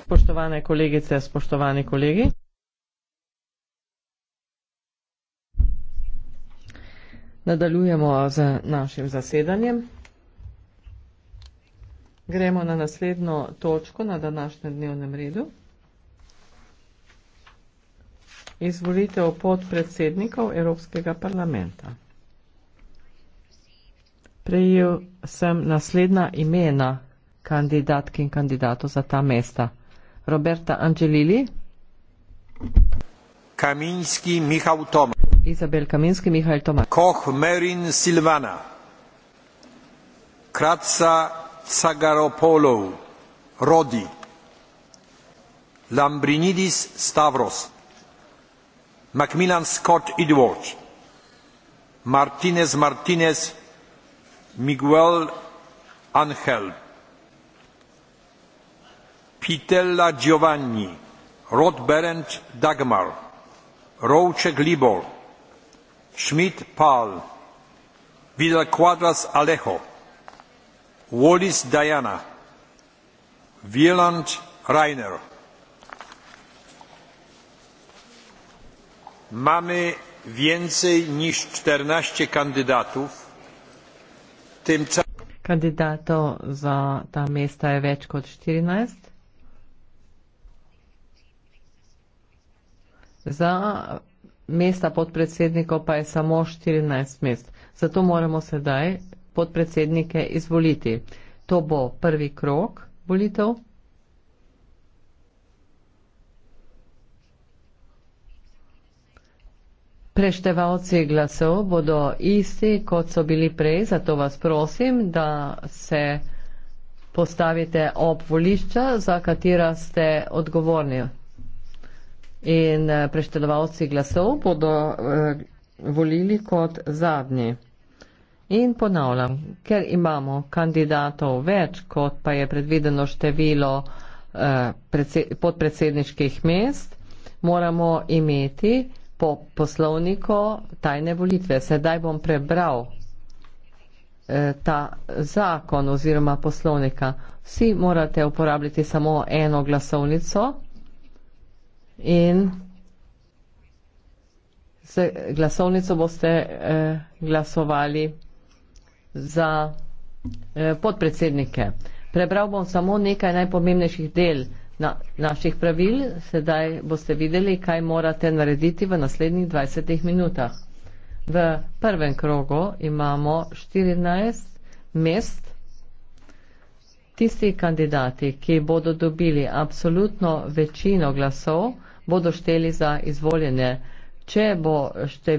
spoštovane e, kolegice spoštovani kolegi nadaljujemo z našim zasedanjem gremo na naslednjo točko na današnjem dnevnem redu izvolitev podpredsednikov evropskega parlamenta prejel sem naslednja imena kandidatki in kandidatov za ta mesta. Roberta Angelili. Kaminski Mihajl Toma. Izabel Kaminski Mihajl Toma. Koh Merin Silvana. Kratca Cagaropolov. Rodi. Lambrinidis Stavros. Macmillan Scott Edward. Martinez Martinez. Miguel Angel. Pitella Giovanni, Rodberent Dagmar, Rouček Libor, Schmidt Paul, Vidal Quadras Alejo, Wallis Diana, Wieland Rainer. Mamy więcej niż 14 kandydatów. Tym ca- Kandidatov za ta mesta je več kot 14. za mesta podpredsednikov pa je samo 14 mest. Zato moramo sedaj podpredsednike izvoliti. To bo prvi krok volitev. Preštevalci glasov bodo isti, kot so bili prej, zato vas prosim, da se postavite ob volišča, za katera ste odgovorni in eh, preštelovalci glasov bodo eh, volili kot zadnji. In ponavljam, ker imamo kandidatov več, kot pa je predvideno število eh, podpredsedniških mest, moramo imeti po poslovniku tajne volitve. Sedaj bom prebral ta zakon oziroma poslovnika. Vsi morate uporabljati samo eno glasovnico in za glasovnico boste eh, glasovali za eh, podpredsednike. Prebral bom samo nekaj najpomembnejših del na, naših pravil, sedaj boste videli, kaj morate narediti v naslednjih 20 minutah. V prvem krogu imamo 14 mest, Tisti kandidati, ki bodo dobili absolutno večino glasov, bodo šteli za izvoljene. Če bo števil